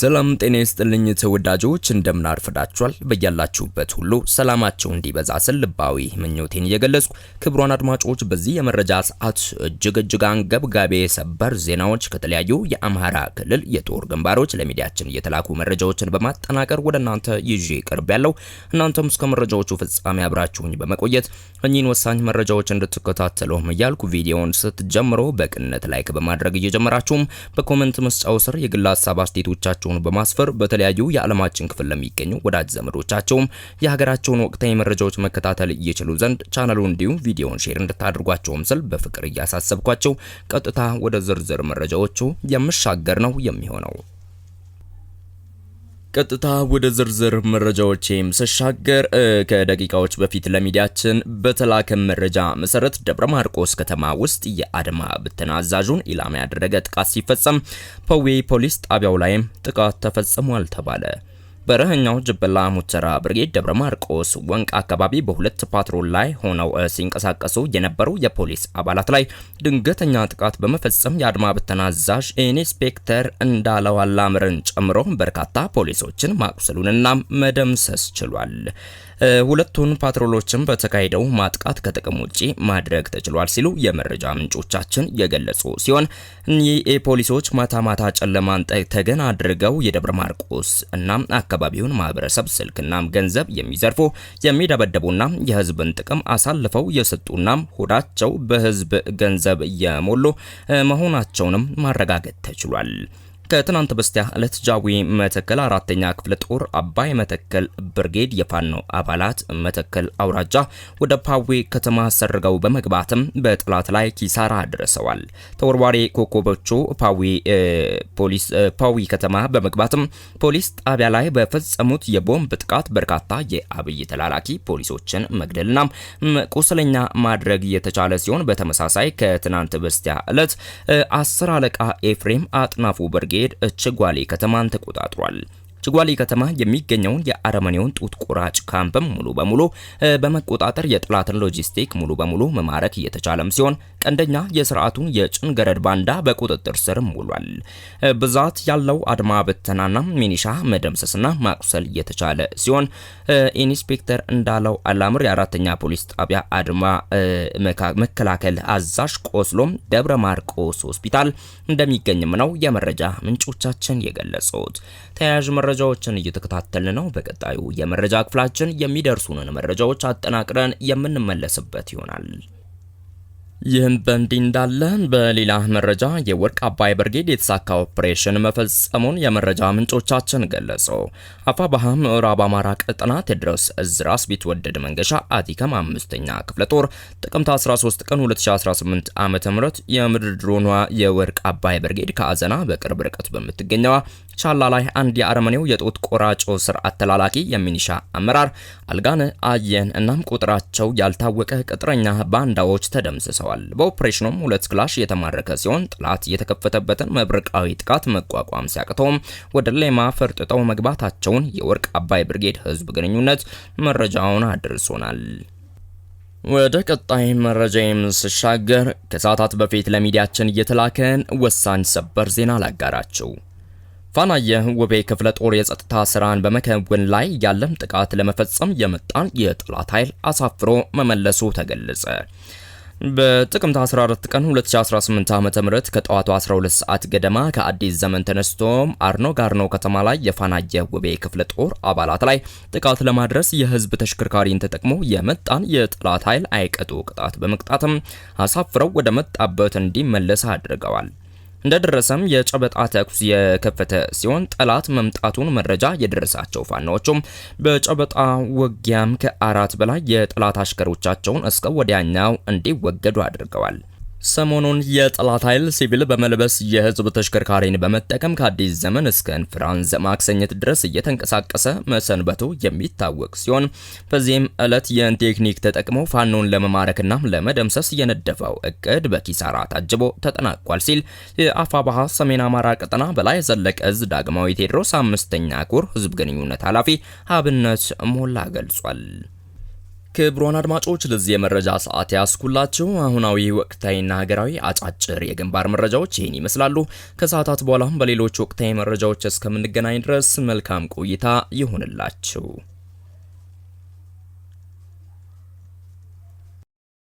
ሰላም ጤና ይስጥልኝ ተወዳጆች፣ እንደምን አርፍዳችኋል? በያላችሁበት ሁሉ ሰላማችሁ እንዲበዛ ስል ልባዊ ምኞቴን እየገለጽኩ ክቡራን አድማጮች በዚህ የመረጃ ሰዓት እጅግ እጅግ አንገብጋቢ የሰበር ዜናዎች ከተለያዩ የአማራ ክልል የጦር ግንባሮች ለሚዲያችን እየተላኩ መረጃዎችን በማጠናቀር ወደ እናንተ ይዤ ቅርብ ያለው እናንተም እስከ መረጃዎቹ ፍጻሜ አብራችሁኝ በመቆየት እኚህን ወሳኝ መረጃዎች እንድትከታተሉም እያልኩ ቪዲዮውን ስትጀምሮ በቅነት ላይክ በማድረግ እየጀመራችሁም በኮመንት መስጫው ስር የግል ሀሳብ አስቴቶቻችሁ መሆናቸውን በማስፈር በተለያዩ የዓለማችን ክፍል ለሚገኙ ወዳጅ ዘመዶቻቸውም የሀገራቸውን ወቅታዊ መረጃዎች መከታተል እየችሉ ዘንድ ቻናሉ እንዲሁም ቪዲዮውን ሼር እንድታደርጓቸውም ስል በፍቅር እያሳሰብኳቸው ቀጥታ ወደ ዝርዝር መረጃዎቹ የምሻገር ነው የሚሆነው። ቀጥታ ወደ ዝርዝር መረጃዎቼም ስሻገር ከደቂቃዎች በፊት ለሚዲያችን በተላከ መረጃ መሰረት ደብረ ማርቆስ ከተማ ውስጥ የአድማ ብተና አዛዡን ኢላማ ያደረገ ጥቃት ሲፈጸም ፖዌ ፖሊስ ጣቢያው ላይም ጥቃት ተፈጽሟል ተባለ። በረህኛው ጅብላ ሙቸራ ብርጌድ ደብረ ማርቆስ ወንቅ አካባቢ በሁለት ፓትሮል ላይ ሆነው ሲንቀሳቀሱ የነበሩ የፖሊስ አባላት ላይ ድንገተኛ ጥቃት በመፈጸም የአድማ ብተና አዛዥ ኢንስፔክተር እንዳለዋላምርን ጨምሮ በርካታ ፖሊሶችን ማቁሰሉንና መደምሰስ ችሏል። ሁለቱን ፓትሮሎችን በተካሄደው ማጥቃት ከጥቅም ውጪ ማድረግ ተችሏል ሲሉ የመረጃ ምንጮቻችን የገለጹ ሲሆን እኚህ ፖሊሶች ማታ ማታ ጨለማን ተገን አድርገው የደብረ ማርቆስ እና የአካባቢውን ማህበረሰብ ስልክና ገንዘብ የሚዘርፉ የሚደበደቡና የህዝብን ጥቅም አሳልፈው የሰጡና ሆዳቸው በህዝብ ገንዘብ የሞሉ መሆናቸውንም ማረጋገጥ ተችሏል። ከትናንት በስቲያ ዕለት ጃዊ መተከል አራተኛ ክፍለ ጦር አባይ መተከል ብርጌድ የፋኖ አባላት መተከል አውራጃ ወደ ፓዌ ከተማ ሰርገው በመግባትም በጠላት ላይ ኪሳራ አድርሰዋል። ተወርዋሪ ኮከቦቹ ፓዊ ከተማ በመግባትም ፖሊስ ጣቢያ ላይ በፈጸሙት የቦምብ ጥቃት በርካታ የአብይ ተላላኪ ፖሊሶችን መግደልና ቁስለኛ ማድረግ የተቻለ ሲሆን በተመሳሳይ ከትናንት በስቲያ ዕለት አስር አለቃ ኤፍሬም አጥናፉ ብርጌድ ብርጌድ እችጓሌ ከተማን ተቆጣጥሯል። ጭጓሊ ከተማ የሚገኘውን የአረመኔውን ጡት ቆራጭ ካምፕም ሙሉ በሙሉ በመቆጣጠር የጠላትን ሎጂስቲክ ሙሉ በሙሉ መማረክ እየተቻለም ሲሆን ቀንደኛ የስርዓቱን የጭንገረድ ባንዳ በቁጥጥር ስርም ውሏል። ብዛት ያለው አድማ በተናና ሚኒሻ መደምሰስና ማቁሰል እየተቻለ ሲሆን ኢንስፔክተር እንዳለው አላምር የአራተኛ ፖሊስ ጣቢያ አድማ መከላከል አዛዥ ቆስሎም ደብረ ማርቆስ ሆስፒታል እንደሚገኝም ነው የመረጃ ምንጮቻችን የገለጹት። ተያያዥ መረጃ መረጃዎችን እየተከታተልን ነው። በቀጣዩ የመረጃ ክፍላችን የሚደርሱንን መረጃዎች አጠናቅረን የምንመለስበት ይሆናል። ይህም በእንዲህ እንዳለ በሌላ መረጃ የወርቅ አባይ ብርጌድ የተሳካ ኦፕሬሽን መፈጸሙን የመረጃ ምንጮቻችን ገለጹ። አፋባሃ ምዕራብ አማራ ቀጠና ቴድሮስ እዝ ራስ ቢትወደድ መንገሻ አቲከም አምስተኛ ክፍለ ጦር ጥቅምት 13 ቀን 2018 ዓ ም የምድር ድሮኗ የወርቅ አባይ ብርጌድ ከአዘና በቅርብ ርቀት በምትገኘዋ ቻላ ላይ አንድ የአረመኔው የጦት ቆራጮ ስርዓት ተላላኪ የሚኒሻ አመራር አልጋን አየን እናም ቁጥራቸው ያልታወቀ ቅጥረኛ ባንዳዎች ተደምስሰው ተመልሰዋል። በኦፕሬሽኑም ሁለት ክላሽ የተማረከ ሲሆን ጠላት የተከፈተበትን መብረቃዊ ጥቃት መቋቋም ሲያቅተው ወደ ሌማ ፈርጥጠው መግባታቸውን የወርቅ አባይ ብርጌድ ህዝብ ግንኙነት መረጃውን አድርሶናል። ወደ ቀጣይ መረጃ የምንስሻገር ከሰዓታት በፊት ለሚዲያችን እየተላከን ወሳኝ ሰበር ዜና ላጋራችሁ። ፋናየ ውቤ ክፍለ ጦር የጸጥታ ስራን በመከወን ላይ ያለም ጥቃት ለመፈጸም የመጣን የጠላት ኃይል አሳፍሮ መመለሱ ተገለጸ። በጥቅምት 14 ቀን 2018 ዓ.ም ከጠዋቱ 12 ሰዓት ገደማ ከአዲስ ዘመን ተነስቶ አርኖ ጋርኖ ከተማ ላይ የፋናጀ የውቤ ክፍለ ጦር አባላት ላይ ጥቃት ለማድረስ የህዝብ ተሽከርካሪን ተጠቅሞ የመጣን የጠላት ኃይል አይቀጡ ቅጣት በመቅጣትም አሳፍረው ወደ መጣበት እንዲመለስ አድርገዋል። እንደደረሰም የጨበጣ ተኩስ የከፈተ ሲሆን ጠላት መምጣቱን መረጃ የደረሳቸው ፋኖዎቹም በጨበጣ ውጊያም ከአራት በላይ የጠላት አሽከሮቻቸውን እስከ ወዲያኛው እንዲወገዱ አድርገዋል። ሰሞኑን የጠላት ኃይል ሲቪል በመልበስ የህዝብ ተሽከርካሪን በመጠቀም ከአዲስ ዘመን እስከ እንፍራንዝ ማክሰኘት ድረስ እየተንቀሳቀሰ መሰንበቱ የሚታወቅ ሲሆን በዚህም ዕለት ይህን ቴክኒክ ተጠቅሞ ፋኖን ለመማረክና ለመደምሰስ የነደፈው እቅድ በኪሳራ ታጅቦ ተጠናቋል ሲል የአፋባሃ ሰሜን አማራ ቀጠና በላይ ዘለቀ እዝ ዳግማዊ ቴዎድሮስ አምስተኛ ኩር ህዝብ ግንኙነት ኃላፊ አብነት ሞላ ገልጿል። ክቡራን አድማጮች ለዚህ የመረጃ ሰዓት ያስኩላችሁ አሁናዊ ወቅታዊና ሀገራዊ አጫጭር የግንባር መረጃዎች ይህን ይመስላሉ። ከሰዓታት በኋላም በሌሎች ወቅታዊ መረጃዎች እስከምንገናኝ ድረስ መልካም ቆይታ ይሁንላችሁ።